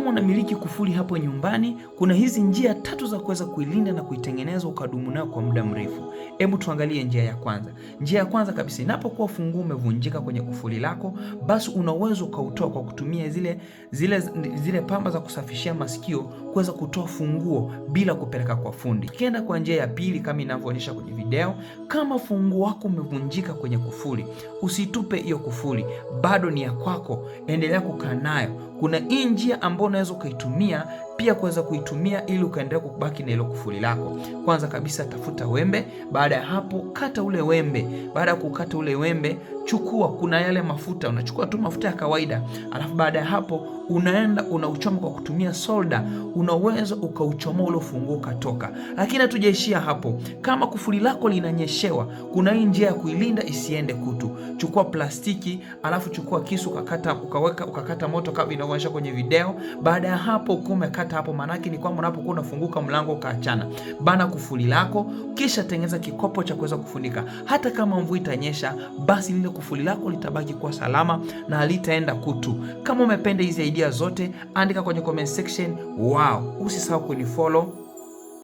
kama unamiliki kufuli hapo nyumbani, kuna hizi njia tatu za kuweza kuilinda na kuitengeneza ukadumu nayo kwa muda mrefu. Hebu tuangalie njia ya kwanza. Njia ya kwanza kabisa, inapokuwa funguo umevunjika kwenye kufuli lako, basi una uwezo ukautoa kwa kutumia zile, zile, zile pamba za kusafishia masikio kuweza kutoa funguo bila kupeleka kwa fundi. Ukienda kwa njia ya pili kama inavyoonyesha kwenye video. Kama fungu wako umevunjika kwenye kufuli, usitupe hiyo kufuli, bado ni ya kwako, endelea kukaa nayo. Kuna hii njia ambayo unaweza ukaitumia pia kuweza kuitumia ili ukaendelea kubaki na ilo kufuli lako. Kwanza kabisa tafuta wembe. Baada ya hapo, kata ule wembe. Baada ya kukata ule wembe, chukua, kuna yale mafuta, unachukua tu mafuta ya kawaida, alafu baada ya hapo unaenda unauchoma kwa kutumia solda. Unaweza ukauchoma ule ufunguo ukatoka. Lakini hatujaishia hapo. Kama kufuli lako linanyeshewa, kuna hii njia ya kuilinda isiende kutu. Chukua plastiki, alafu chukua kisu ukakata, ukaweka, ukakata moto kama inavyoonyesha kwenye video. Baada ya hapo kumekata hata hapo. Maanake ni kwamba unapokuwa unafunguka mlango ukaachana, bana kufuli lako, kisha tengeneza kikopo cha kuweza kufunika. Hata kama mvua itanyesha, basi lile kufuli lako litabaki kuwa salama na halitaenda kutu. Kama umependa hizi idea zote, andika kwenye comment section. Wow, usisahau kunifollow